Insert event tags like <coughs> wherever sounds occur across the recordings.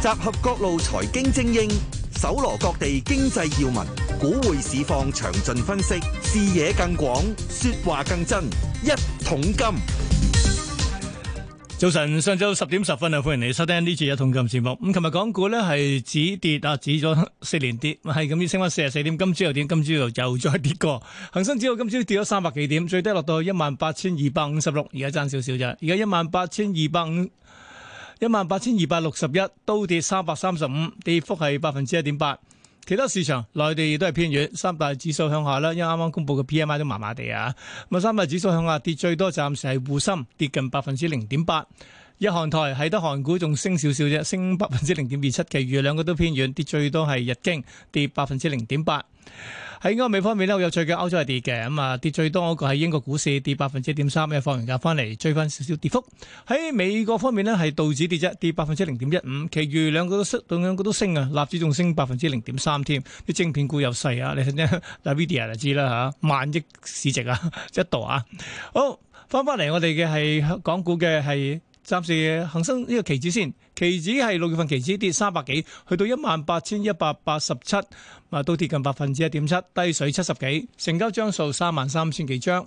集合各路財經精英，搜羅各地經濟要聞，股匯市況詳盡分析，視野更廣，說話更真。一桶金。早晨，上晝十點十分啊，歡迎你收聽呢次一桶金節目。咁，琴日港股咧係止跌啊，止咗四年跌，係咁先升翻四十四點。今朝又點？今朝又又再跌過。恒生指數今朝跌咗三百幾點，最低落到一萬八千二百五十六，而家爭少少啫，而家一萬八千二百五。一萬八千二百六十一，18, 1, 都跌三百三十五，跌幅係百分之一點八。其他市場內地都係偏軟，三大指數向下啦。因為啱啱公佈嘅 PMI 都麻麻地啊。咁三大指數向下跌最多，暫時係滬深跌近百分之零點八。日韓台喺得韓股仲升少少啫，升百分之零點二七。其餘兩個都偏軟，跌最多係日經跌百分之零點八。喺歐美方面咧，好有趣嘅，歐洲係跌嘅，咁啊跌最多嗰個係英國股市跌百分之一點三，又放完假翻嚟追翻少少跌幅。喺美國方面咧，係道指跌啫，跌百分之零點一五，其餘兩個都升，兩個都升啊，納指仲升百分之零點三添，啲晶片股又細啊，你睇下，嗱 NVIDIA 就知啦嚇，萬億市值啊，一度啊，好翻翻嚟，我哋嘅係港股嘅係。暫時恒生呢個期指先，期指係六月份期指跌三百幾，去到一萬八千一百八十七，啊，都跌近百分之一點七，低水七十幾，成交張數三萬三千幾張。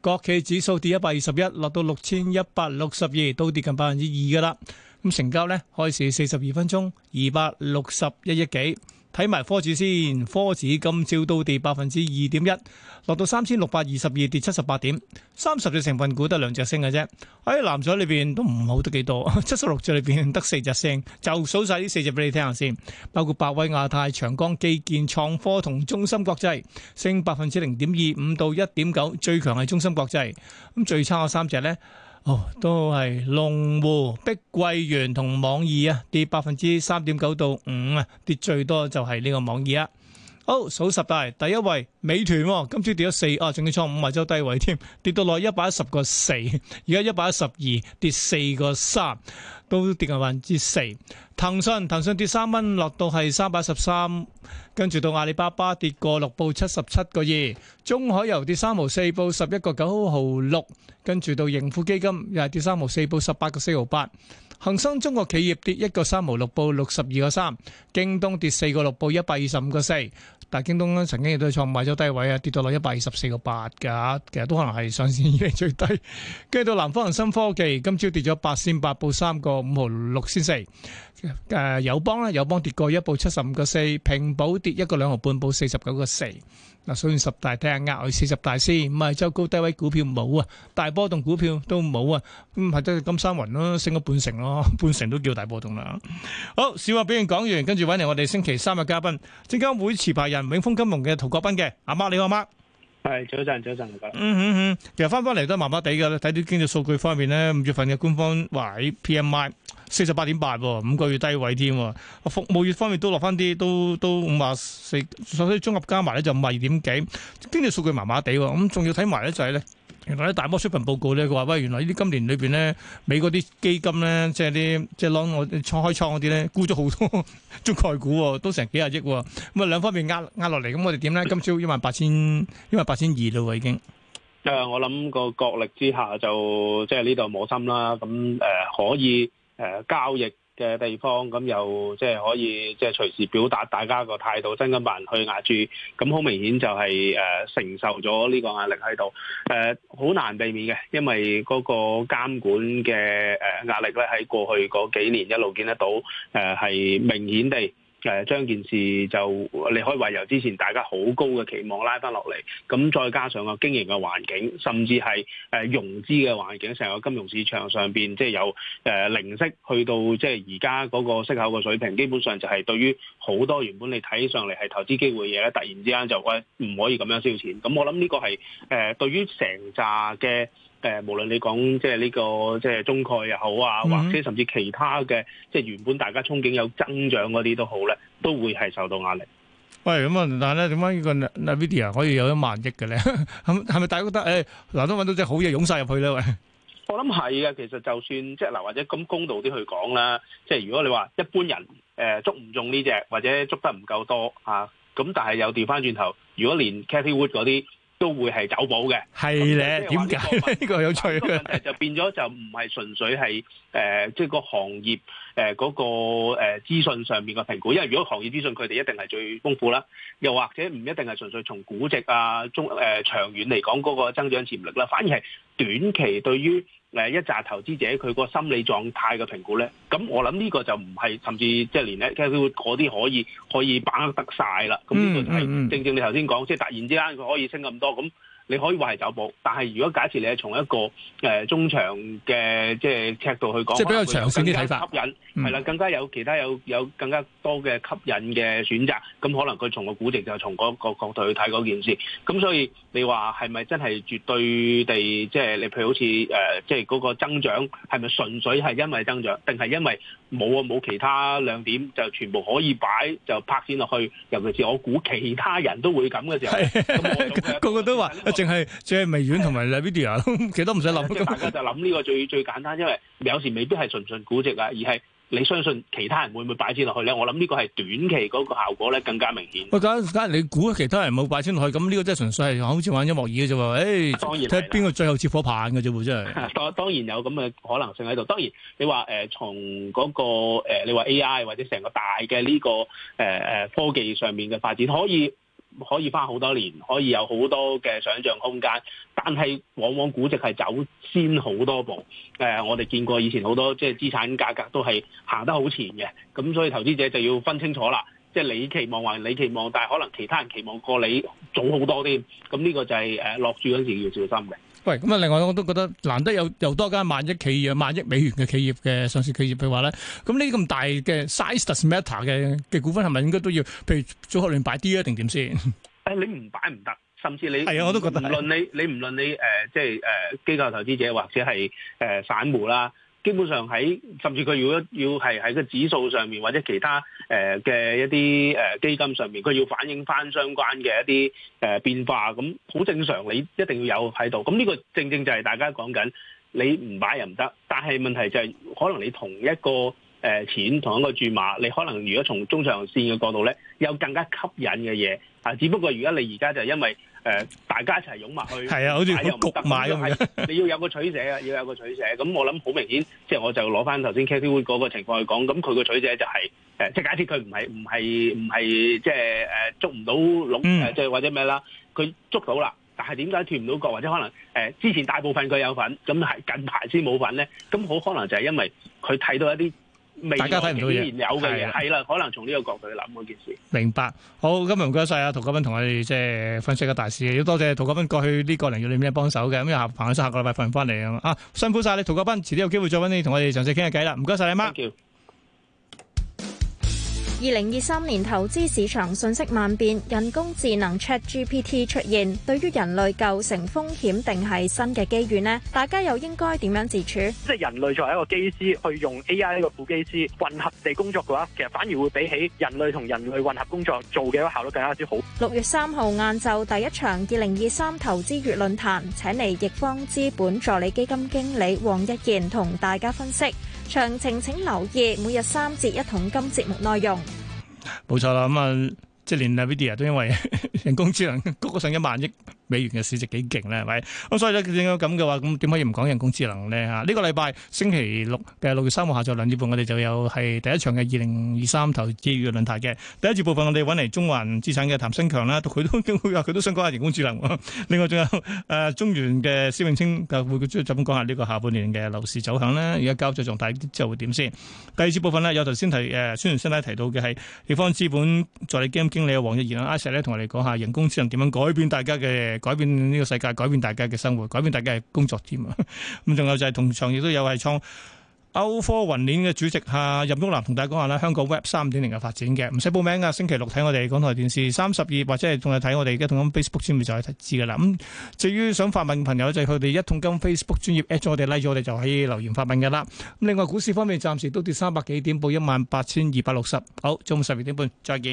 國企指數跌一百二十一，落到六千一百六十二，都跌近百分之二噶啦。咁成交咧，開市四十二分鐘二百六十一億幾。睇埋科指先，科指今朝都跌百分之二點一，落到三千六百二十二，跌七十八點。三十隻成分股得兩隻升嘅啫。喺、哎、藍水裏邊都唔好得幾多，七十六隻裏邊得四隻升，就數晒呢四隻俾你聽下先。包括百威亞太、長江基建、創科同中芯國際，升百分之零點二五到一點九，最強係中芯國際。咁最差三隻咧。哦，都係龍湖、碧桂園同網易啊，跌百分之三點九到五啊，跌最多就係呢個網易啊。好數十大，第一位美團、哦，今朝跌咗四、啊，啊仲要創五日周低位添，跌到落一百一十個四，而家一百一十二，跌四個三，都跌緊百分之四。騰訊騰訊跌三蚊，落到係三百一十三，跟住到阿里巴巴跌過六報七十七個二，中海油跌三毫四報十一個九毫六，跟住到盈富基金又係跌三毫四報十八個四毫八。恒生中國企業跌一個三毫六報六十二個三，京東跌四個六報一百二十五個四，但係京東咧曾經亦都係創埋咗低位啊，跌到落一百二十四個八嘅，其實都可能係上線以來最低。跟住到南方恒生科技今朝跌咗八仙八報三個五毫六先四，誒友邦咧，友邦跌過一報七十五個四，平保跌一個兩毫半報四十九個四。嗱，所以十大睇下額外四十大先，唔係周高低位股票冇啊，大波動股票都冇啊，咁或者金三雲咯，升咗半成咯，半成都叫大波動啦。好，笑話表現講完，跟住揾嚟我哋星期三嘅嘉賓，證監會持牌人永豐金融嘅陶國斌嘅，阿媽你好，阿媽。係早晨，早晨嗯。嗯嗯嗯，其實翻翻嚟都麻麻地㗎。睇啲經濟數據方面咧，五月份嘅官方話喺 PMI 四十八點八喎，五個月低位添喎。服務業方面都落翻啲，都都五啊四，所以綜合加埋咧就五啊二點幾。經濟數據麻麻地喎，咁、嗯、仲要睇埋咧就、係、咧。原來啲大摩出份報告咧，佢話喂，原來呢啲今年裏邊咧，美國啲基金咧，即係啲即係攞我開倉嗰啲咧，沽咗好多中概股，都成幾廿億。咁啊兩方面壓壓落嚟，咁我哋點咧？今朝一萬八千，一萬八千二咯喎已經。誒，我諗個角力之下，就即係呢度冇心啦。咁誒可以誒交易。嘅地方，咁又即係可以即係隨時表達大家個態度，真金白銀去壓住，咁好明顯就係誒承受咗呢個壓力喺度。誒好難避免嘅，因為嗰個監管嘅誒壓力咧喺過去嗰幾年一路見得到，誒係明顯地。誒將、啊、件事就你可以話由之前大家好高嘅期望拉翻落嚟，咁再加上個、啊、經營嘅環境，甚至係誒、呃、融資嘅環境，成個金融市場上邊即係有誒、呃、零息去到即係而家嗰個息口嘅水平，基本上就係對於好多原本你睇上嚟係投資機會嘅嘢咧，突然之間就誒唔可以咁樣燒錢。咁我諗呢個係誒、呃、對於成扎嘅。誒，無論你講即係呢個即係中概又好啊，或者甚至其他嘅即係原本大家憧憬有增長嗰啲都好咧，都會係受到壓力。喂，咁啊，但係咧點解呢個 Nvidia 可以有一萬億嘅咧？係 <laughs> 咪大家都覺得誒？嗱都揾到隻好嘢湧晒入去咧？喂 <laughs> ，我諗係嘅。其實就算即係嗱，或者咁公道啲去講啦，即係如果你話一般人誒、呃、捉唔中呢隻或者捉得唔夠多啊，咁但係又調翻轉頭，如果連 Cathy Wood 嗰啲都會係走保嘅，係咧點解呢、這個有趣咧、呃？就變咗就唔係純粹係誒，即係個行業誒嗰、呃那個誒資訊上面嘅評估，因為如果行業資訊佢哋一定係最豐富啦，又或者唔一定係純粹從估值啊、中誒、呃、長遠嚟講嗰個增長潛力啦，反而係短期對於。誒一紮投資者佢個心理狀態嘅評估咧，咁我諗呢個就唔係甚至即係、就是、連咧，即係佢嗰啲可以可以把握得晒啦。咁呢個就係、是嗯嗯、正正你頭先講，即、就、係、是、突然之間佢可以升咁多咁。你可以話係走步，但係如果假設你係從一個誒、呃、中長嘅即係尺度去講，即係比較長線啲睇法，吸引係、嗯、啦，更加有其他有有更加多嘅吸引嘅選擇，咁可能佢從個估值就從嗰個角度去睇嗰件事，咁所以你話係咪真係絕對地、呃呃、即係你譬如好似誒即係嗰個增長係咪純粹係因為增長，定係因為？冇啊，冇其他亮點，就全部可以擺就拍先落去。尤其是我估其他人都會咁嘅時候，個 <laughs> <laughs> 個都話，淨係淨係微軟同埋 Nvidia 咯，其他都唔使諗。即係的 <laughs> 大家就諗呢個最最簡單，因為有時未必係純純估值啊，而係。你相信其他人會唔會擺錢落去咧？我諗呢個係短期嗰個效果咧，更加明顯但。但，你估其他人冇擺錢落去？咁呢個真係純粹係好似玩音樂椅嘅啫喎！誒、欸，睇邊個最後接火棒嘅啫？喎， <laughs> 真係。當當然有咁嘅可能性喺度。當然你話誒、呃、從嗰、那個、呃、你話 AI 或者成個大嘅呢、這個誒誒、呃、科技上面嘅發展可以。可以花好多年，可以有好多嘅想象空間，但係往往估值係走先好多步。誒、uh，我哋見過以前好多即係、就是，資產價格都係行得好前嘅，咁所以投資者就要分清楚啦。即、就、係、是、你期望話，你期望，但係可能其他人期望過你早好多添。咁呢個就係誒落注嗰陣時要小心嘅。喂，咁啊！另外我都覺得難得有又多間萬億企業、萬億美元嘅企業嘅上市企業嘅話咧，咁呢咁大嘅 size does matter 嘅嘅股份係咪應該都要？譬如組合亂擺啲啊，定點先？誒，你唔擺唔得，甚至你係啊，我都覺得，唔論你你唔論你誒，即係誒，機構投資者或者係誒、呃、散戶啦。基本上喺甚至佢如果要係喺個指數上面或者其他誒嘅一啲誒基金上面，佢要反映翻相關嘅一啲誒變化，咁好正常，你一定要有喺度。咁呢個正正就係大家講緊，你唔買又唔得。但係問題就係，可能你同一個誒錢同一個注碼，你可能如果從中長線嘅角度咧，有更加吸引嘅嘢啊。只不過如果你而家就係因為。誒、呃，大家一齊擁埋去，係啊，好似又唔得埋咁，你要有個取捨啊，要有個取捨。咁、嗯、 <laughs> 我諗好明顯，即係我就攞翻頭先 KTV 嗰個情況去講，咁佢個取捨就係、是、誒、呃，即係假設佢唔係唔係唔係即係誒、呃、捉唔到鹿，誒即係或者咩啦，佢捉到啦，但係點解脫唔到角，或者可能誒、呃、之前大部分佢有份，咁係近排先冇份咧，咁好可能就係因為佢睇到一啲。大家睇唔到嘢，係啦的，可能從呢個角度去諗嗰件事。明白，好，今日唔該晒啊，陶國斌同我哋即係分析嘅大事，要多謝，謝陶國斌過去呢個零月你咩幫手嘅，咁下彭教授下個禮拜瞓唔翻嚟啊？辛苦晒你，陶國斌，遲啲有機會再揾你同我哋詳細傾下偈啦。唔該晒你，阿媽。二零二三年投資市場信息萬變，人工智能 ChatGPT 出現，對於人類構成風險定係新嘅機遇呢？大家又應該點樣自處？即係人類作為一個機師，去用 AI 一個副機師混合地工作嘅話，其實反而會比起人類同人類混合工作做嘅一個效率更加之好。六月三號晏晝第一場二零二三投資月論壇，請嚟易方資本助理基金經理黃一賢同大家分析。詳情請留意每日三節一桶金節目內容。冇錯啦，咁、嗯、啊，即係連 Nvidia 都因為人工智能了了，谷個上一萬億。美元嘅市值幾勁咧，係咪？咁所以咧，變咗咁嘅話，咁點可以唔講人工智能咧？嚇、啊！呢、這個禮拜星期六嘅六月三號下晝兩點半，我哋就有係第一場嘅二零二三投資月論壇嘅。第一節部分，我哋揾嚟中環資產嘅譚新強啦，佢都佢話佢都想講下人工智能。另外仲有誒、啊、中原嘅施永青，就、啊、會專就講下呢個下半年嘅樓市走向咧。而家交咗仲大之後會點先？第二節部分呢，有頭、呃、先提誒，孫元新提到嘅係地方資本助理基金經理黃日賢阿同我哋講下人工智能點樣改變大家嘅。.改變呢個世界，改變大家嘅生活，改變大家嘅工作添啊！咁仲有就係同場亦都有係創歐科雲鏈嘅主席哈任忠南同大家講下啦，香港 Web 三點零嘅發展嘅，唔使報名噶，星期六睇我哋港台電視三十二，或者係仲係睇我哋而家同緊 Facebook 專頁就可以知噶啦。咁至於想發問朋友就係佢哋一桶金 Facebook 專頁 at 咗我哋，like 咗我哋就可以留言發問噶啦。咁另外股市方面暫時都跌三百幾點，報一萬八千二百六十。好，中午十二點半，再見。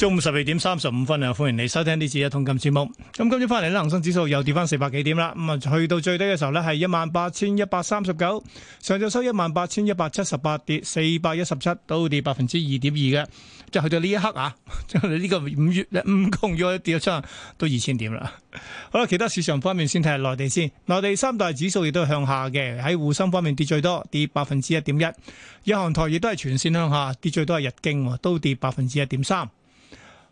中午十二點三十五分啊，歡迎你收聽《呢次嘅一桶金》節目。咁今朝翻嚟呢，恒生指數又跌翻四百幾點啦。咁啊，去到最低嘅時候呢，係一萬八千一百三十九，上晝收一萬八千一百七十八，跌四百一十七，都跌百分之二點二嘅。即係去到呢一刻啊，呢個五月五個月啊跌咗出都二千點啦。好啦，其他市場方面先睇下內地先。內地三大指數亦都向下嘅，喺滬深方面跌最多，跌百分之一點一。日韓台亦都係全線向下，跌最多係日經，都跌百分之一點三。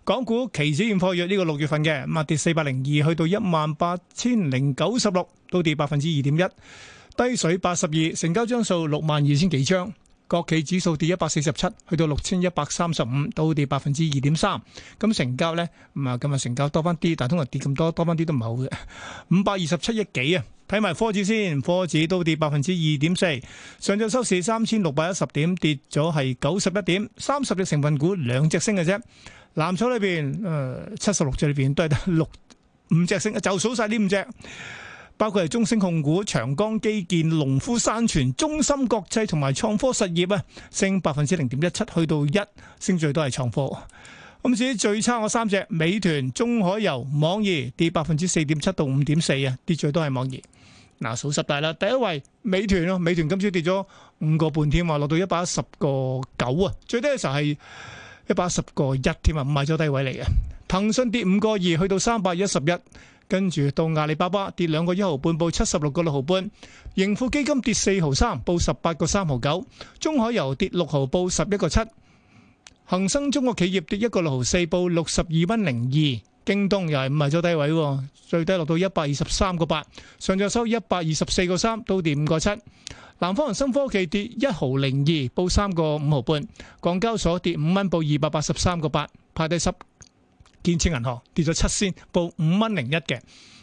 港股期指現貨月呢個六月份嘅，咁啊跌四百零二，去到一萬八千零九十六，都跌百分之二點一，低水八十二，成交張數六萬二千幾張。國企指數跌一百四十七，去到六千一百三十五，都跌百分之二點三。咁成交呢？咁啊，咁啊，成交多翻啲，但係通常跌咁多，多翻啲都唔好嘅，五百二十七億幾啊！睇埋科指先，科指都跌百分之二點四。上晝收市三千六百一十點，跌咗係九十一點。三十隻成分股，兩隻升嘅啫。藍籌裏邊，誒、呃，七十六隻裏邊都係得六五隻升，就數晒呢五隻。包括係中升控股、長江基建、農夫山泉、中芯國際同埋創科實業啊，升百分之零點一七，去到一，升最多係創科。咁至於最差嘅三隻，美團、中海油、網易跌百分之四點七到五點四啊，跌最多係網易。嗱，數十大啦，第一位美團咯，美團今朝跌咗五個半添喎，落到一百一十個九啊，最低嘅時候係一百一十個一添啊，買咗低位嚟嘅。騰訊跌五個二，去到三百一十一，跟住到阿里巴巴跌兩個一毫半，報七十六個六毫半；盈富基金跌四毫三，報十八個三毫九；中海油跌六毫，報十一個七；恒生中國企業跌一個六毫四，報六十二蚊零二；京東又係唔係走低位，最低落到一百二十三個八，上晝收一百二十四個三，到跌五個七；南方恒生科技跌一毫零二，報三個五毫半；港交所跌五蚊，報二百八十三個八，派低十。建設銀行跌咗七仙，報五蚊零一嘅。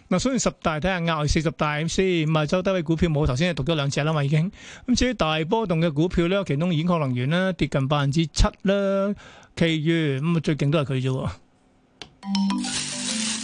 嗱，所以十大睇下額外四十大先。咁啊，周低位股票冇。頭先係讀咗兩隻啦嘛，已經。咁至於大波動嘅股票咧，其中已經可能源啦，跌近百分之七啦，其餘咁啊最勁都係佢啫。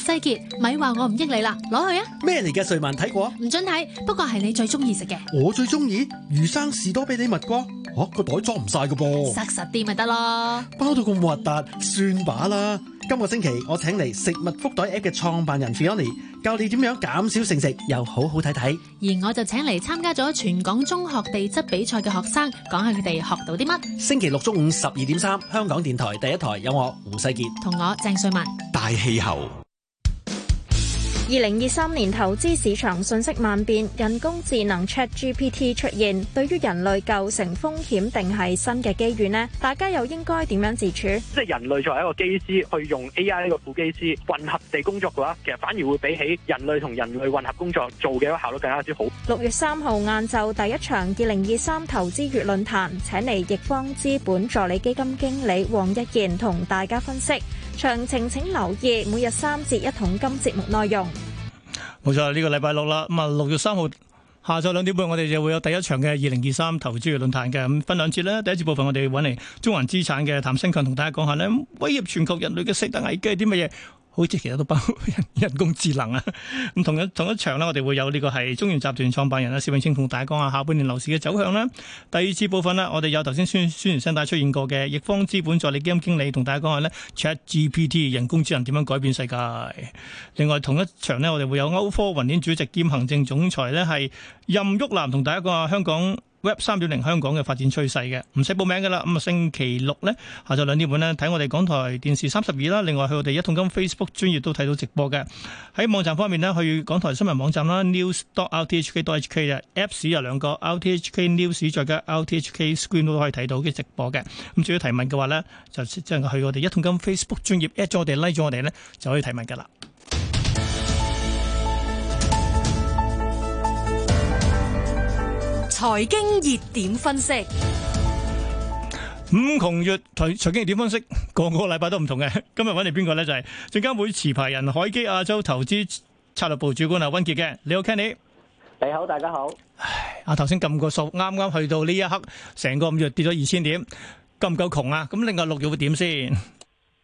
西杰，咪話我唔益你啦，攞去啊！咩嚟嘅？瑞文睇過？唔准睇，不過係你最中意食嘅。我最中意魚生士多啤梨蜜瓜，哦、啊，個袋裝唔晒嘅噃。踏實啲咪得咯？包到咁核突，算把啦。今個星期我請嚟食物福袋 App 嘅創辦人 Fiona 教你點樣減少剩食又好好睇睇，而我就請嚟參加咗全港中學地質比賽嘅學生講下佢哋學到啲乜。星期六中午十二點三，3，香港電台第一台有我胡世杰同我鄭瑞文大氣候。二零二三年投資市場瞬息萬變，人工智能 ChatGPT 出現，對於人類構成風險定係新嘅機遇呢？大家又應該點樣自處？即係人類作為一個機師，去用 AI 一個副機師混合地工作嘅話，其實反而會比起人類同人類混合工作做嘅一個效率更加之好。六月三號晏晝第一場二零二三投資月論壇，請嚟易方資本助理基金經理黃一健同大家分析。詳情請留意每日三節一桶金節目內容。冇錯，呢個禮拜六啦，咁啊六月三號下晝兩點半，我哋就會有第一場嘅二零二三投資嘅論壇嘅，咁分兩節啦，第一節部分，我哋揾嚟中環資產嘅譚新強同大家講下呢威脅全球人類嘅十大危機係啲乜嘢。好似其他都包人工智能啊！咁 <laughs> 同一同一場咧，我哋會有呢個係中原集團創辦人啊，施永 <laughs> 青同大家講下下半年樓市嘅走向啦。 <laughs> 第二次部分呢，我哋有頭先宣宣傳聲帶出現過嘅易方資本助理基金經理同大家講下呢 ChatGPT 人工智能點樣改變世界。 <laughs> 另外同一場呢，我哋會有歐科雲鏈主席兼行政總裁呢係任煜男同大家講下香港。Web 三點零香港嘅發展趨勢嘅唔使報名㗎啦。咁啊，星期六咧下晝兩點半咧睇我哋港台電視三十二啦。另外去我哋一桶金 Facebook 專頁都睇到直播嘅喺網站方面咧，去港台新聞網站啦 news dot RTHK dot h k 嘅 apps 有兩個 RTHK news 再加 RTHK screen 都可以睇到嘅直播嘅。咁至於提問嘅話咧，就即係去我哋一桶金 Facebook 專頁 at 咗我哋 like 咗我哋咧就可以提問㗎啦。財經熱點分析，五窮月財財經熱點分析，個個禮拜都唔同嘅。今日揾嚟邊個咧？就係證監會持牌人海基亞洲投資策略部主管阿温杰嘅。你好，Kenny。你好，大家好。唉，阿頭先撳個數，啱啱去到呢一刻，成個五月跌咗二千點，夠唔夠窮啊？咁另外六月會點先？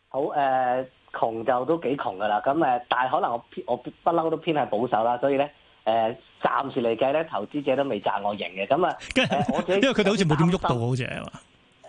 好，誒、呃，窮就都幾窮噶啦。咁誒，但係可能我我不嬲都偏係保守啦，所以咧。誒暫時嚟計咧，投資者都未賺我贏嘅，咁啊然，呃、因為佢哋好似冇點喐到好似係嘛？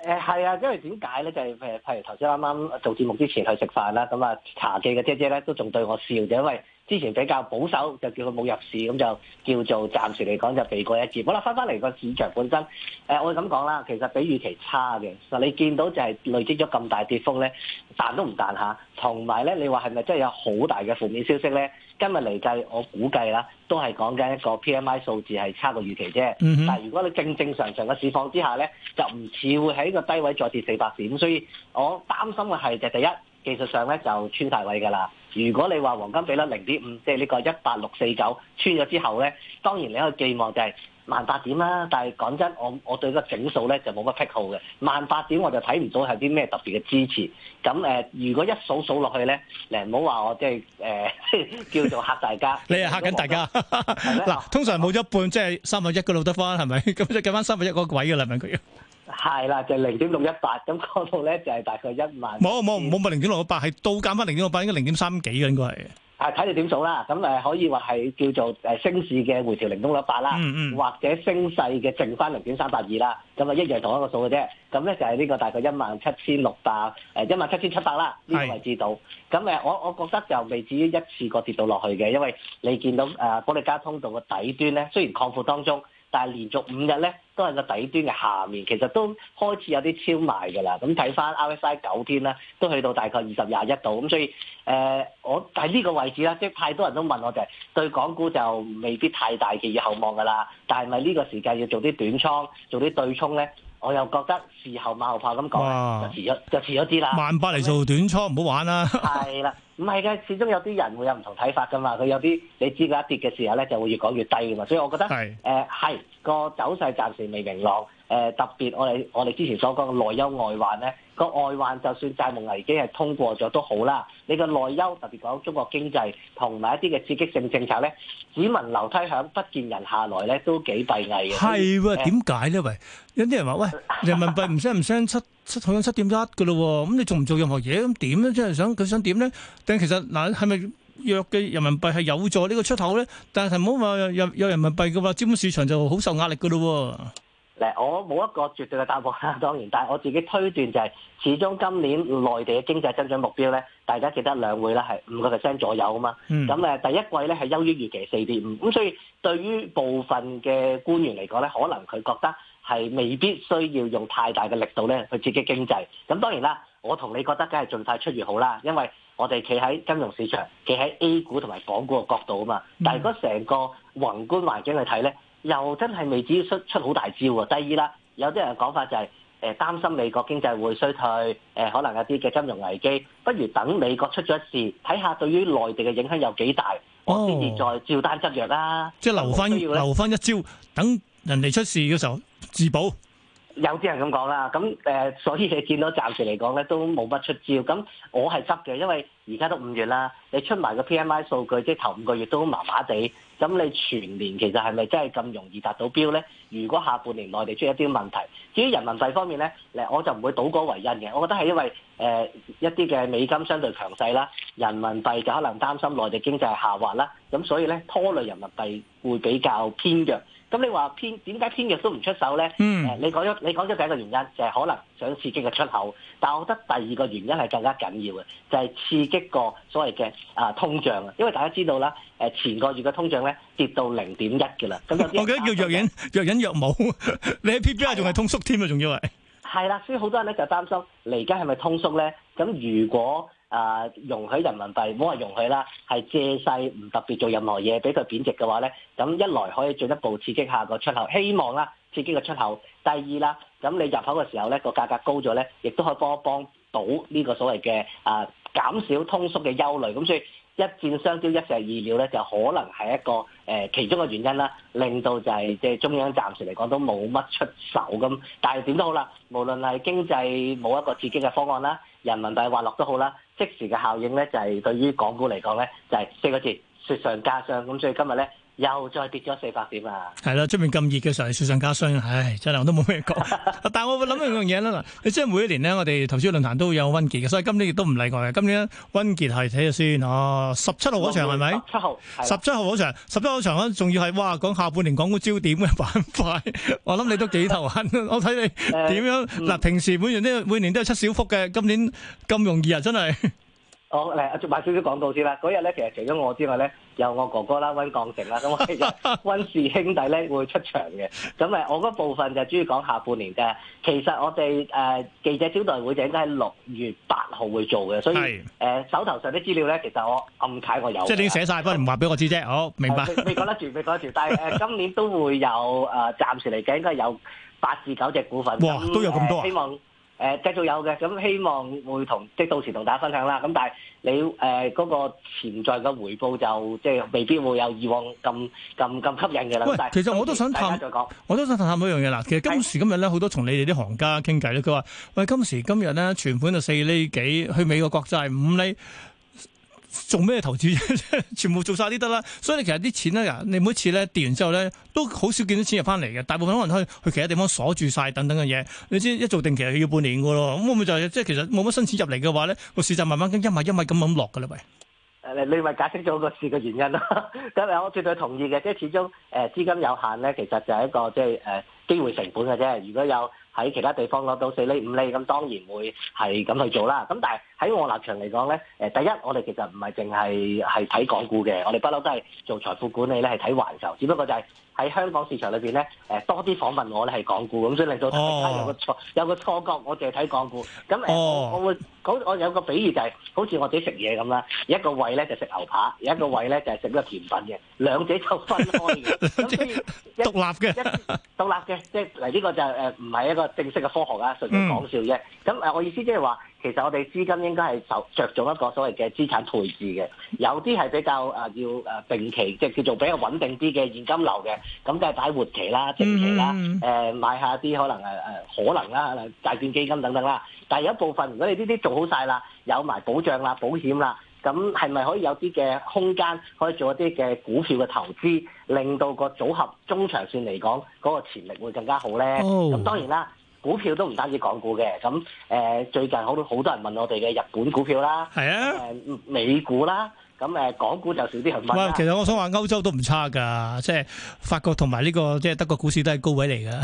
誒係啊，因為點解咧？就係誒，譬如頭先啱啱做節目之前去食飯啦，咁啊，茶記嘅姐姐咧都仲對我笑，就因為。之前比較保守，就叫佢冇入市，咁就叫做暫時嚟講就避過一劫。好啦，翻返嚟個市場本身，誒，我咁講啦，其實比預期差嘅。嗱，你見到就係累積咗咁大跌幅咧，彈都唔彈下。同埋咧，你話係咪真係有好大嘅負面消息咧？今日嚟計，我估計啦，都係講緊一個 PMI 數字係差過預期啫。但係如果你正正常常嘅市況之下咧，就唔似會喺個低位再跌四百點。所以我擔心嘅係就第一，技術上咧就穿曬位㗎啦。如果你話黃金比率零點五，即係呢個一八六四九穿咗之後咧，當然你一個寄望就係萬八點啦。但係講真，我我對個整數咧就冇乜癖好嘅，萬八點我就睇唔到係啲咩特別嘅支持。咁誒、呃，如果一數數落去咧，誒唔好話我即係誒叫做嚇大家。 <laughs> 你係嚇緊大家。嗱 <laughs> 嗎， <laughs> 通常冇一半即係三分一嗰度得翻係咪？咁 <laughs> 就計翻三分一嗰個位㗎啦，問佢。 <laughs> 係啦，就零點六一八，咁個度咧就係大概一萬。冇冇冇咪零點六一八，係到減翻零點六一八，應該零點三幾嘅，應該係。係睇你點數啦，咁誒可以話係叫做誒升市嘅回調零點六一八啦，或者升勢嘅剩翻零點三八二啦，咁啊一樣同一個數嘅啫。咁咧就喺呢個大概一萬七千六百誒一萬七千七百啦呢個位置度。咁誒是我我覺得就未至於一次過跌到落去嘅，因為你見到誒保力加通道嘅底端咧，雖然擴闊當中。但係連續五日咧，都係個底端嘅下面，其實都開始有啲超賣㗎啦。咁睇翻 RSI 九天咧，都去到大概二十廿一度，咁所以誒、呃，我喺呢個位置啦，即係太多人都問我就係對港股就未必太大嘅厚望㗎啦。但係咪呢個時間要做啲短倉，做啲對沖咧？我又覺得事後馬後炮咁講，就遲咗，就遲咗啲啦。萬八嚟做短倉唔好玩啦。係 <laughs> 啦，唔係嘅，始終有啲人會有唔同睇法噶嘛。佢有啲你知佢一跌嘅時候咧，就會越講越低噶嘛。所以我覺得，誒係個走勢暫時未明朗。誒特別，我哋我哋之前所講嘅內憂外患咧，個外患就算債務危機係通過咗都好啦。你個內憂特別講中國經濟同埋一啲嘅刺激性政策咧，只聞樓梯響，不見人下來咧，都幾閉翳嘅。係喎，點解咧？喂，有啲人話，喂，人民幣唔升唔升，七七去到七點一嘅咯，咁你做唔做任何嘢咁點咧？即係想佢想點咧？但其實嗱，係咪弱嘅人民幣係有助呢個出口咧？但係唔好話有有，有人民幣嘅話，資本市場就好受壓力嘅咯喎。嗱，我冇一個絕對嘅答案啦，當然，但係我自己推斷就係，始終今年內地嘅經濟增長目標咧，大家記得兩會咧係五個 percent 左右啊嘛。咁誒，第一季咧係優於預期四點五，咁所以對於部分嘅官員嚟講咧，可能佢覺得係未必需要用太大嘅力度咧去刺激經濟。咁當然啦，我同你覺得梗係盡快出越好啦，因為我哋企喺金融市場、企喺 A 股同埋港股嘅角度啊嘛。但係如果成個宏觀環境去睇咧。又真係未至於出出好大招喎。第二啦，有啲人嘅講法就係誒擔心美國經濟會衰退，誒可能有啲嘅金融危機，不如等美國出咗事，睇下對於內地嘅影響有幾大，我先至再照單執藥啦。即係留翻留翻一招，等人哋出事嘅時候自保。有啲人咁講啦，咁誒、呃，所以你見到暫時嚟講咧都冇乜出招。咁我係執嘅，因為而家都五月啦，你出埋個 PMI 數據，即係頭五個月都麻麻地。咁你全年其實係咪真係咁容易達到標咧？如果下半年內地出一啲問題，至於人民幣方面咧，嗱，我就唔會倒果為因嘅。我覺得係因為誒、呃、一啲嘅美金相對強勢啦，人民幣就可能擔心內地經濟下滑啦。咁所以咧拖累人民幣會比較偏弱。咁你話偏點解偏弱都唔出手咧？誒、嗯呃，你講咗你講咗第一個原因，就係、是、可能想刺激個出口。但係我覺得第二個原因係更加緊要嘅，就係、是、刺激個所謂嘅啊通脹啊。因為大家知道啦，誒、呃、前個月嘅通脹咧跌到零、嗯、點一嘅啦。我記得叫若隱若隱若冇，你 PPI 仲係通縮添啊，仲要係。係啦、啊，所以好多人咧就擔心，嚟緊係咪通縮咧？咁如果？啊，容許人民幣，唔好話容許啦，係借勢，唔特別做任何嘢，俾佢貶值嘅話咧，咁一來可以進一步刺激下個出口，希望啦，刺激個出口。第二啦，咁你入口嘅時候咧，個價格高咗咧，亦都可以幫一幫到呢個所謂嘅啊，減少通縮嘅憂慮。咁所以一箭雙雕，一石二鳥咧，就可能係一個。誒其中嘅原因啦，令到就係即係中央暫時嚟講都冇乜出手咁，但係點都好啦，無論係經濟冇一個刺激嘅方案啦，人民幣滑落都好啦，即時嘅效應咧就係對於港股嚟講咧就係四個字雪上加霜咁，所以今日咧。又再跌咗四百點啊！係啦，出面咁熱嘅時候，雪上加霜啊！唉，真係我都冇咩講。但係我會諗一樣嘢啦。嗱，即係每一年咧，我哋投資論壇都有温傑嘅，所以今年亦都唔例外嘅。今年温傑係睇下先。哦，十七號嗰場係咪？十七號，十七號嗰場，十七號嗰場咧，仲要係哇講下半年港股焦點嘅板塊。我諗你都幾頭痕。我睇你點樣嗱？平時每年都每年都有七小幅嘅，今年咁容易啊！真係。我嚟、哦，再慢少少廣告先啦。嗰日咧，其實除咗我之外咧，有我哥哥啦，温鋼成啦，咁啊，温氏兄弟咧會出場嘅。咁誒、 <laughs> 嗯，我嗰部分就主要講下半年嘅。其實我哋誒、呃、記者招待會就應該係六月八號會做嘅，所以誒是、呃、手頭上啲資料咧，其實我暗踩我有。即係已經寫曬，不過唔話俾我知啫。好、嗯哦，明白。未 <laughs> 講得住，未講得住。但係誒、呃、今年都會有誒、呃，暫時嚟計應該有八至九隻股份。哇、 <laughs> 嗯，都有咁多。希望。誒繼續有嘅，咁希望會同即係到時同大家分享啦。咁但係你誒嗰個潛在嘅回報就即係未必會有以往咁咁咁吸引嘅啦。喂，其實我都想探再講，我都想探一探嗰樣嘢啦。其實今時今日咧，好多同你哋啲行家傾偈咧，佢話喂，今時今日咧存款就四厘幾，去美國國債五厘。做咩投資啫？ <laughs> 全部做晒啲得啦，所以你其實啲錢咧，你每次咧跌完之後咧，都好少見到錢入翻嚟嘅。大部分可能去去其他地方鎖住晒等等嘅嘢。你知一做定期係要半年㗎咯，咁會唔會就即係其實冇乜新錢入嚟嘅話咧，個市就慢慢咁一米一米咁咁落㗎啦，喂。誒，你咪解釋咗個事嘅原因咯。咁 <laughs> 我絕對同意嘅，即係始終誒資金有限咧，其實就係一個即係誒機會成本嘅啫。如果有，喺其他地方攞到四厘五厘，咁當然會係咁去做啦。咁但係喺我立場嚟講咧，誒，第一，我哋其實唔係淨係係睇港股嘅，我哋不嬲都係做財富管理咧，係睇環球，只不過就係、是。喺香港市場裏邊咧，誒，多啲訪問我咧係港股。咁所以令到大家有個錯有個錯覺，我，我淨係睇港股。咁誒，我會好，我有個比喻就係、是，好似我自己食嘢咁啦，一個胃咧就食牛扒，有一個胃咧就係食嗰個甜品嘅，兩者就分開嘅，獨立嘅，獨立嘅，即係嗱，呢個就誒唔係一個正式嘅科學啊，純粹講笑啫。咁嗱，我意思即係話。其實我哋資金應該係受著重一個所謂嘅資產配置嘅，有啲係比較誒要誒定期，即係叫做比較穩定啲嘅現金流嘅，咁梗係擺活期啦、定期啦，誒、呃、買下一啲可能誒誒、呃、可能啦，債券基金等等啦。但係有一部分，如果你呢啲做好晒啦，有埋保障啦、保險啦，咁係咪可以有啲嘅空間可以做一啲嘅股票嘅投資，令到個組合中長線嚟講嗰個潛力會更加好咧？咁、oh. 當然啦。股票都唔單止港股嘅，咁誒、呃、最近好多好多人問我哋嘅日本股票啦，係啊，誒、呃、美股啦，咁誒港股就少啲人問啦、呃。其實我想話歐洲都唔差㗎，即係法國同埋呢個即係德國股市都係高位嚟㗎。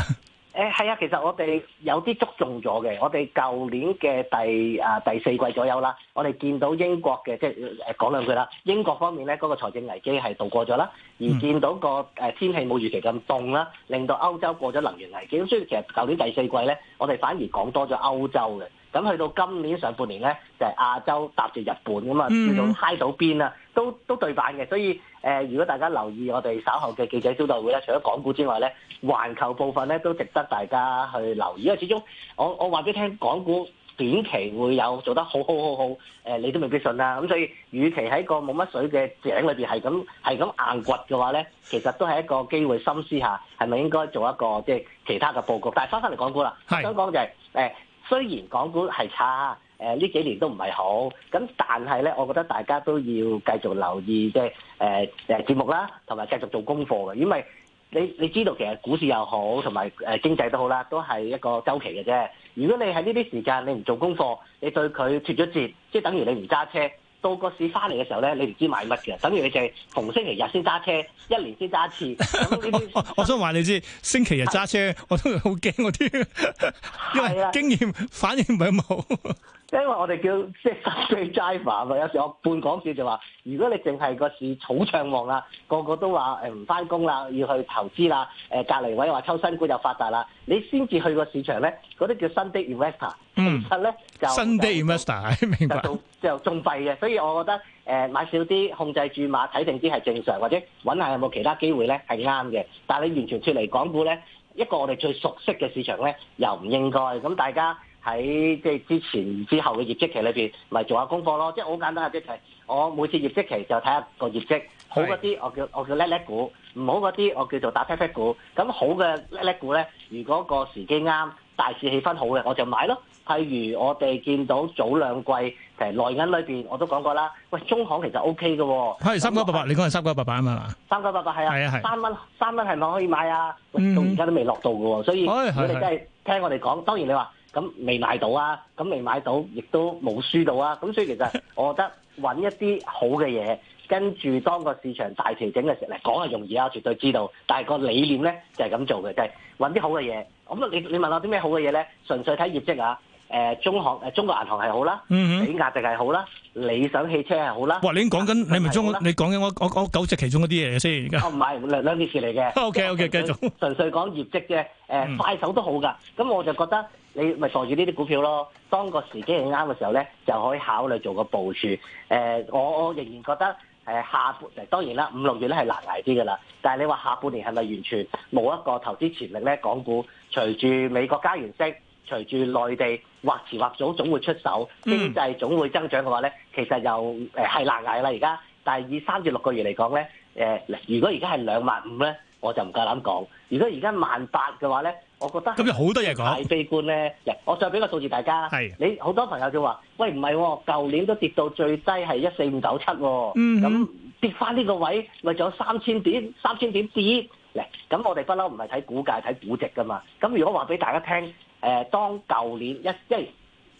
誒係啊，其實我哋有啲捉中咗嘅，我哋舊年嘅第啊第四季左右啦，我哋見到英國嘅即係誒講兩句啦，英國方面咧嗰個財政危機係度過咗啦，而見到個誒天氣冇預期咁凍啦，令到歐洲過咗能源危機，所以其實舊年第四季咧，我哋反而講多咗歐洲嘅。咁去到今年上半年咧，就係亞洲搭住日本咁啊，叫做嗨到邊啊，都都對版嘅。所以誒、呃，如果大家留意我哋稍後嘅記者招待會咧，除咗港股之外咧，環球部分咧都值得大家去留意。因為始終我我話俾你聽，港股短期會有做得好好好好誒、呃，你都未必信啦。咁、呃、所以，與其喺個冇乜水嘅井裏邊係咁係咁硬掘嘅話咧，其實都係一個機會，深思下係咪應該做一個即係其他嘅佈局。但係翻返嚟港股啦，香港是就係、是、誒。呃雖然港股係差，誒、呃、呢幾年都唔係好，咁但係咧，我覺得大家都要繼續留意嘅誒誒節目啦，同埋繼續做功課嘅，因為你你知道其實股市又好，同埋誒經濟都好啦，都係一個周期嘅啫。如果你喺呢啲時間你唔做功課，你對佢脫咗節，即係等於你唔揸車。到個市翻嚟嘅時候咧，你唔知買乜嘅，等於你就係逢星期日先揸車，一年先揸一次。 <laughs> 我，我想話你知，星期日揸車，的我好驚我啲， <laughs> 因為經驗的反應唔係咁好。 <laughs> 因為我哋叫即係新兵 driver，有時我半講笑就話：如果你淨係個市草暢旺啦，個個都話誒唔翻工啦，要去投資啦。誒、呃、隔離位話抽新股就發達啦，你先至去個市場咧，嗰、那、啲、個、叫新啲 investor，其實咧就新啲 investor 明白。就仲弊嘅，所以我覺得誒、呃、買少啲，控制住碼，睇定啲係正常，或者揾下有冇其他機會咧係啱嘅。但係你完全脫離港股咧，一個我哋最熟悉嘅市場咧，又唔應該咁、嗯、大家。喺即係之前之後嘅業績期裏邊，咪做下功課咯。即係好簡單嘅啫，即係我每次業績期就睇下個業績好嗰啲，我叫我叫叻叻股，唔好嗰啲我叫做打 pat pat 股。咁好嘅叻叻股咧，如果個時機啱，大市氣氛好嘅，我就買咯。譬如我哋見到早兩季誒內銀裏邊，我都講過啦。喂，中行其實 O K 嘅喎。係三九八八，你講係三九八八啊嘛？三九八八係啊係啊係，三蚊三蚊係咪可以買啊？到而家都未落到嘅喎，所以你哋真係聽我哋講。當然你話。咁未買到啊，咁未買到，亦都冇輸到啊，咁所以其實我覺得揾一啲好嘅嘢，跟住當個市場大調整嘅時候，嚟講係容易啊，我絕對知道，但係個理念咧就係咁做嘅，即係揾啲好嘅嘢。咁你你問我啲咩好嘅嘢咧？純粹睇業績啊。誒、呃，中行誒、呃，中國銀行係好啦，俾價值係好啦，理想汽車係好啦。哇，你已經講緊，你咪中，你講緊我九隻其中一啲嘢先。哦，唔係兩兩件事嚟嘅。OK，OK，繼續。純粹講業績嘅，誒、呃， <laughs> 快手都好噶，咁我就覺得你咪坐住呢啲股票咯。當個時機係啱嘅時候咧，就可以考慮做個部署。誒、呃，我我仍然覺得誒，下、呃、半年當然啦，五六月咧係難挨啲噶啦。但係你話下半年係咪完全冇一個投資潛力咧？港股隨住美國加完息，隨住內地或遲或早總會出手，經濟總會增長嘅話咧，其實又誒係難捱啦。而、呃、家但係以三至六個月嚟講咧，誒，嗱，如果而家係兩萬五咧，我就唔夠膽講；如果而家萬八嘅話咧，我覺得咁有好多嘢講，太悲觀咧。嗯、哼我再俾個數字大家，係的你好多朋友就話：喂，唔係喎，舊年都跌到最低係一四五九七喎，咁、嗯、哼跌翻呢個位，咪仲有三千點三千點跌？嗱，咁我哋不嬲唔係睇股價睇估值㗎嘛？咁如果話俾大家聽。誒，當舊年一，因為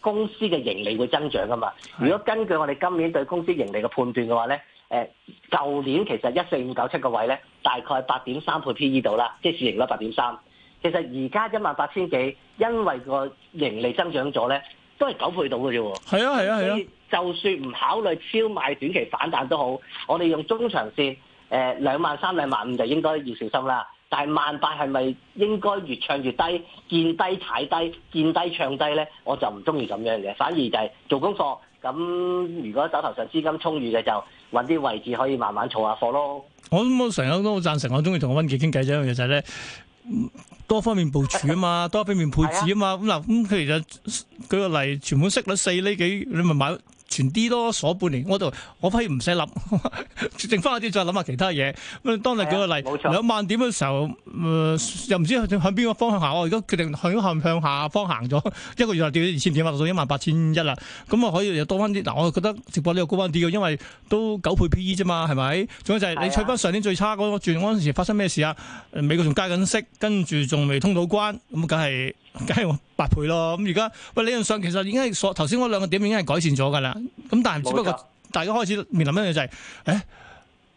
公司嘅盈利會增長噶嘛。如果根據我哋今年對公司盈利嘅判斷嘅話咧，誒、呃，舊年其實一四五九七個位咧，大概八點三倍 P E 度啦，即係市盈率八點三。其實而家一萬八千幾，因為個盈利增長咗咧，都係九倍度嘅啫喎。係啊，係啊，係啊。就算唔考慮超賣短期反彈都好，我哋用中長線誒兩萬三兩萬五就應該要小心啦。但萬八係咪應該越唱越低，見低踩低，見低唱低咧？我就唔中意咁樣嘅，反而就係做功課。咁如果手頭上資金充裕嘅，就揾啲位置可以慢慢儲下貨咯。我我成日都好贊成我，我中意同溫傑傾偈。一樣嘢就係咧，多方面部署啊嘛，多方面配置啊嘛。咁嗱， <laughs> 咁譬如就舉個例，存款息率四釐幾，你咪買。存啲多，鎖半年，我度我反而唔使諗，剩翻嗰啲再諗下其他嘢。咁當你舉個例，哎、兩萬點嘅時候，呃、又唔知向邊個方向行。我而家決定向下向下方行咗一個月，就跌咗二千點，落到一萬八千一啦。咁啊，可以又多翻啲。嗱，我覺得直播呢度高翻啲嘅，因為都九倍 PE 啫嘛，係咪？仲有就係、是哎、呀你取翻上年最差嗰轉嗰陣時發生咩事啊？呃哎、呀美國仲加緊息，跟住仲未通到關，咁梗係。梗係八倍咯，咁而家喂，理論上其實已經係所頭先嗰兩個點已經係改善咗噶啦，咁但係只不過大家開始面臨一樣嘢，就係、是，誒、欸，誒、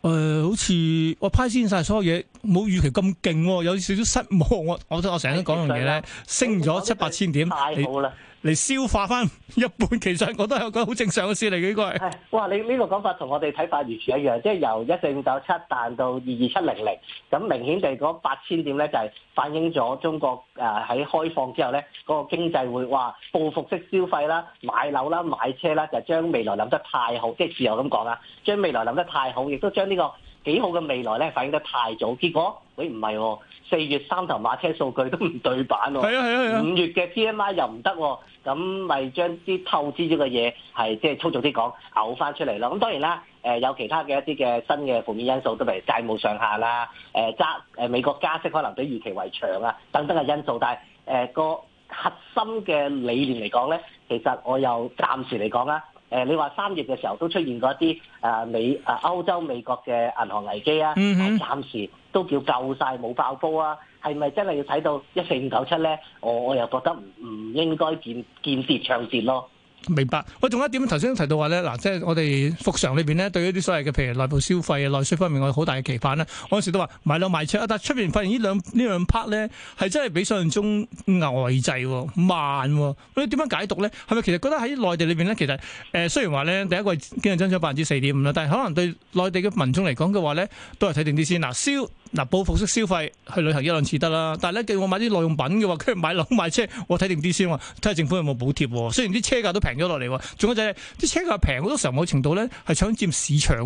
呃，好似我派先晒，所有嘢，冇預期咁勁、啊，有少少失望。我我我成日都講樣嘢咧，升咗七八千點，太好啦。消化翻一半，其實我都覺得好正常嘅事嚟嘅，應該係。哇！你呢個講法同我哋睇法完全一樣，即係由一四五九七彈到二二七零零，咁明顯地就係嗰八千點咧，就係反映咗中國誒喺開放之後咧，嗰、嗰個經濟會話報復式消費啦、買樓啦、買車啦，就將未來諗得太好，即係自由咁講啦，將未來諗得太好，亦都將呢個幾好嘅未來咧反映得太早，結果誒唔係，四、啊、月三頭馬車數據都唔對版喎，係啊係啊，五、啊啊啊、月嘅 P M I 又唔得喎。咁咪將啲透支咗嘅嘢係即係粗俗啲講，嘔翻出嚟咯。咁當然啦，誒有其他嘅一啲嘅新嘅負面因素，都譬如債務上下啦，誒加誒美國加息可能比預期為長啊，等等嘅因素。但係誒個核心嘅理念嚟講咧，其實我又暫時嚟講啦。誒，你話三月嘅時候都出現過一啲誒、啊、美誒、啊、歐洲美國嘅銀行危機啊，mm hmm. 暫時都叫救晒冇爆煲啊，係咪真係要睇到一四五九七咧？我我又覺得唔唔應該見見跌唱跌咯。明白，我仲有一點頭先提到話咧，嗱，即係我哋復常裏邊咧，對於一啲所謂嘅，譬如內部消費、內需方面有，我好大嘅期盼咧。我陣時都話買樓買車，但係出邊發現兩兩呢兩呢兩 part 咧，係真係比想象中呆滯、哦、慢、哦。我哋點樣解讀咧？係咪其實覺得喺內地裏邊咧，其實誒、呃、雖然話咧，第一季經濟增長百分之四點五啦，但係可能對內地嘅民眾嚟講嘅話咧，都係睇定啲先嗱，消。嗱，報復式消費去旅行一兩次得啦，但係咧叫我買啲耐用品嘅話，跟住買樓買車，我睇定啲先。睇下政府有冇補貼。雖然啲車價都平咗落嚟，仲有就係、是、啲車價平好多時候，某程度咧係搶佔市場。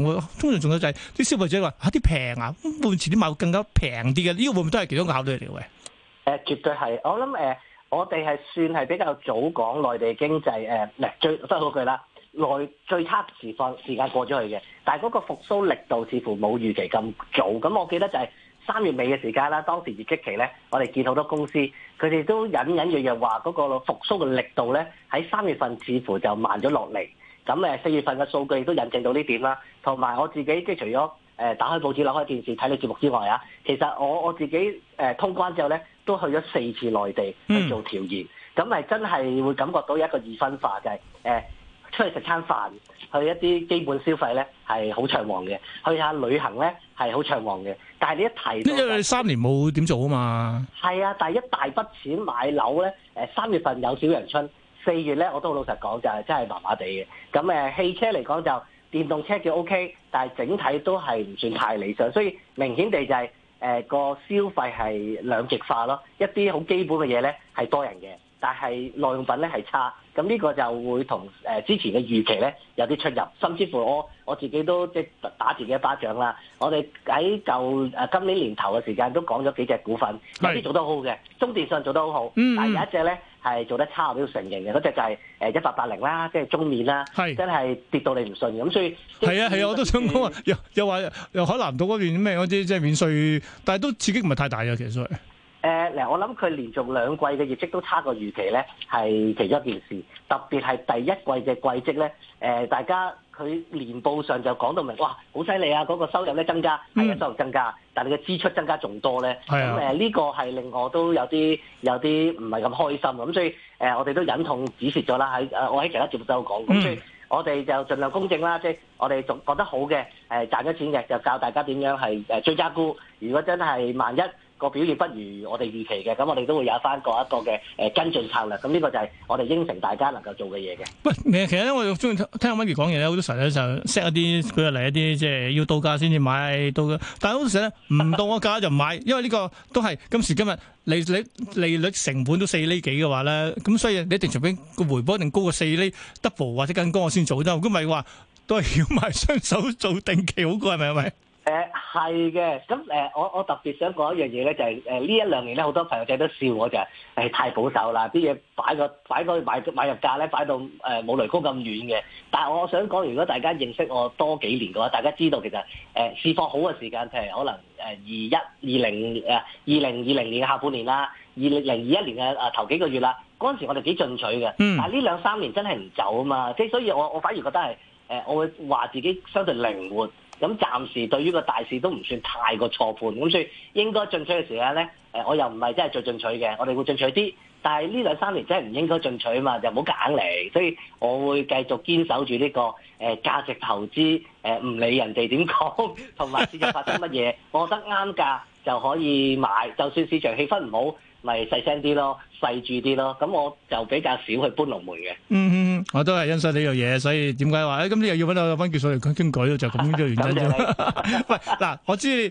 通常仲有就係、是、啲消費者話啊，啲平啊，換前啲買更加平啲嘅，呢個會唔會都係其中一個考慮嚟嘅？誒，絕對係。我諗誒、呃，我哋係算係比較早講內地經濟誒，嗱、呃，最得嗰句啦。內最差時況時間過咗去嘅，但係嗰個復甦力度似乎冇預期咁早。咁我記得就係三月尾嘅時間啦，當時熱擊期咧，我哋見好多公司佢哋都隱隱約約話嗰個復甦嘅力度咧，喺三月份似乎就慢咗落嚟。咁誒四月份嘅數據都引證到呢點啦。同埋我自己即係除咗誒打開報紙、攞開電視睇你節目之外啊，其實我我自己誒通關之後咧，都去咗四次內地去做調研，咁係真係會感覺到有一個二分化嘅誒。就係欸出去食餐飯，去一啲基本消費咧係好暢旺嘅，去下旅行咧係好暢旺嘅。但係你一提，因為三年冇點做啊嘛。係啊，但係一大筆錢買樓咧，誒三月份有小陽春，四月咧我都好老實講就係真係麻麻地嘅。咁、嗯、誒汽車嚟講就電動車叫 OK，但係整體都係唔算太理想，所以明顯地就係誒個消費係兩極化咯。一啲好基本嘅嘢咧係多人嘅，但係耐用品咧係差。咁呢個就會同誒之前嘅預期咧有啲出入，甚至乎我我自己都即打自己一巴掌啦。我哋喺舊誒今年年頭嘅時間都講咗幾隻股份，是有啲做得好好嘅，中電信做得好好，嗯嗯但係有一隻咧係做得差成型，我都承認嘅。嗰隻就係誒一八八零啦，即係中免啦，是真係跌到你唔信咁，所以係啊係啊，我都想講、嗯、又又話又海南島嗰邊咩嗰啲即係免稅，但係都刺激唔係太大嘅其實。誒嗱、呃，我諗佢連續兩季嘅業績都差過預期咧，係其中一件事。特別係第一季嘅季績咧，誒、呃、大家佢年報上就講到明，哇，好犀利啊！嗰、那個收入咧增加，係、嗯、收入增加，但你嘅支出增加仲多咧。係咁誒呢個係令我都有啲有啲唔係咁開心。咁所以誒、呃，我哋都忍痛止蝕咗啦。喺誒、呃，我喺其他節目都有講。嗯。咁所以，我哋就盡量公正啦，即、就、係、是、我哋仲覺得好嘅，誒、呃、賺咗錢嘅，就教大家點樣係誒追加沽。如果真係萬一，個表現不如我哋預期嘅，咁我哋都會有翻個一個嘅誒跟進策略。咁呢個就係我哋應承大家能夠做嘅嘢嘅。喂，其實咧，我仲中意聽阿 Vinny 講嘢咧。好多時候咧就 set 一啲，佢嚟一啲，即係要到價先至買到。但係好多時候咧，唔到我價就唔買，因為呢個都係今時今日你你利率成本都四釐幾嘅話咧，咁所以你一定除非個回報一定高過四釐 double 或者更高，我先做得。如果唔係話，都係攪埋雙手做定期好過，係咪？係咪？誒。係嘅，咁誒，我我特別想講一樣嘢咧，就係誒呢一兩年咧，好多朋友仔都笑我就係誒太保守啦，啲嘢擺個擺個買買入價咧，擺到誒冇、呃、雷公咁遠嘅。但係我想講，如果大家認識我多幾年嘅話，大家知道其實誒市況好嘅時間，譬、就、如、是、可能誒、呃、二一、二零誒二零二零年下半年啦，二零、二零二一年嘅誒頭幾個月啦，嗰陣時我哋幾進取嘅。但係呢兩三年真係唔走啊嘛，即係所以我我反而覺得係誒、呃，我會話自己相對靈活。咁暫時對於個大市都唔算太過錯判，咁所以應該進取嘅時間咧，誒我又唔係真係做進取嘅，我哋會進取啲。但係呢兩三年真係唔應該進取嘛，就唔好夾硬嚟。所以我會繼續堅守住呢、這個誒、呃、價值投資，誒、呃、唔理人哋點講，同埋市場發生乜嘢，我覺得啱價就可以買，就算市場氣氛唔好。咪細聲啲咯，細住啲咯，咁我就比較少去搬龍門嘅。嗯嗯，我都係欣賞呢樣嘢，所以點解話誒咁你又要揾到揾叫數嚟更改咯？就咁嘅原因啫。喂，嗱，我知。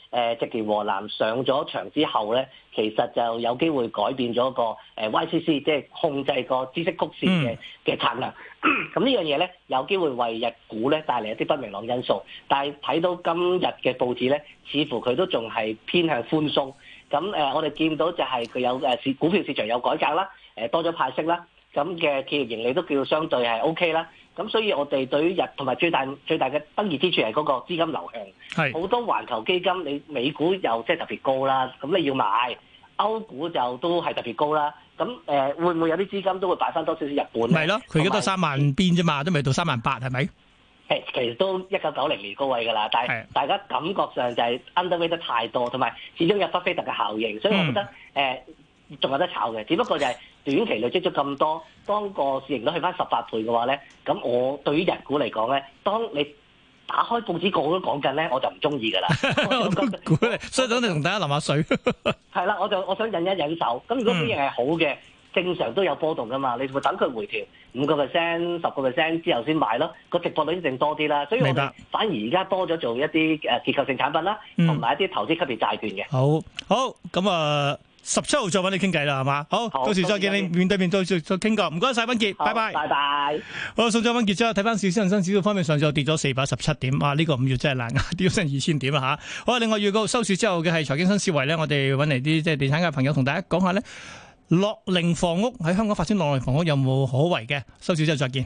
誒，植田和男上咗場之後咧，其實就有機會改變咗個誒 YCC，即係控制個孳息曲線嘅嘅策略。咁 <coughs> 呢樣嘢咧，有機會為日股咧帶嚟一啲不明朗因素。但係睇到今日嘅報紙咧，似乎佢都仲係偏向寬鬆。咁誒，我哋見到就係佢有誒股票市場有改革啦，誒多咗派息啦，咁嘅企業盈利都叫相對係 OK 啦。咁所以我哋對於日同埋最大最大嘅得益之處係嗰個資金流向，係好是多環球基金，你美股又即係特別高啦，咁你要買歐股就都係特別高啦。咁誒、呃、會唔會有啲資金都會擺翻多少少日本？唔咪咯，佢而家都三萬邊啫嘛，都未到三萬八係咪？誒，其實都一九九零年高位㗎啦，但係大家感覺上就係 underweight 得太多，同埋始終有巴菲特嘅效應，所以我覺得誒仲有得炒嘅，只不過就係、是。短期累積咗咁多，當個市盈率去翻十八倍嘅話咧，咁我對於日股嚟講咧，當你打開報紙個個都講緊咧，我就唔中意噶啦。 <laughs> 我所以等你同大家淋下水。係 <laughs> 啦，我就我想忍一忍手。咁如果市型係好嘅，嗯、正常都有波動噶嘛。你會等佢回調五個 percent、十個 percent 之後先買咯。個直播率已經一定多啲啦。所以我反而而家多咗做一啲誒結構性產品啦，同埋一啲投資級別債券嘅、嗯。好，好，咁啊。Uh 十七號再揾你傾偈啦，係嘛？好，好，到時再見你面對面，謝面對面再再傾過。唔該晒，溫杰好，拜拜，拜拜。好，送咗溫杰之後，睇翻少少恒生指數方面上就跌咗四百一十七點。哇、啊、呢、這個五月真係難啊，跌咗成二千點啦吓、啊。好，另外預告收市之後嘅係財經新思維咧，我哋揾嚟啲即係地產界朋友同大家講下咧，樂寧房屋喺香港發展落嚟，房屋有冇可為嘅？收市之後再見。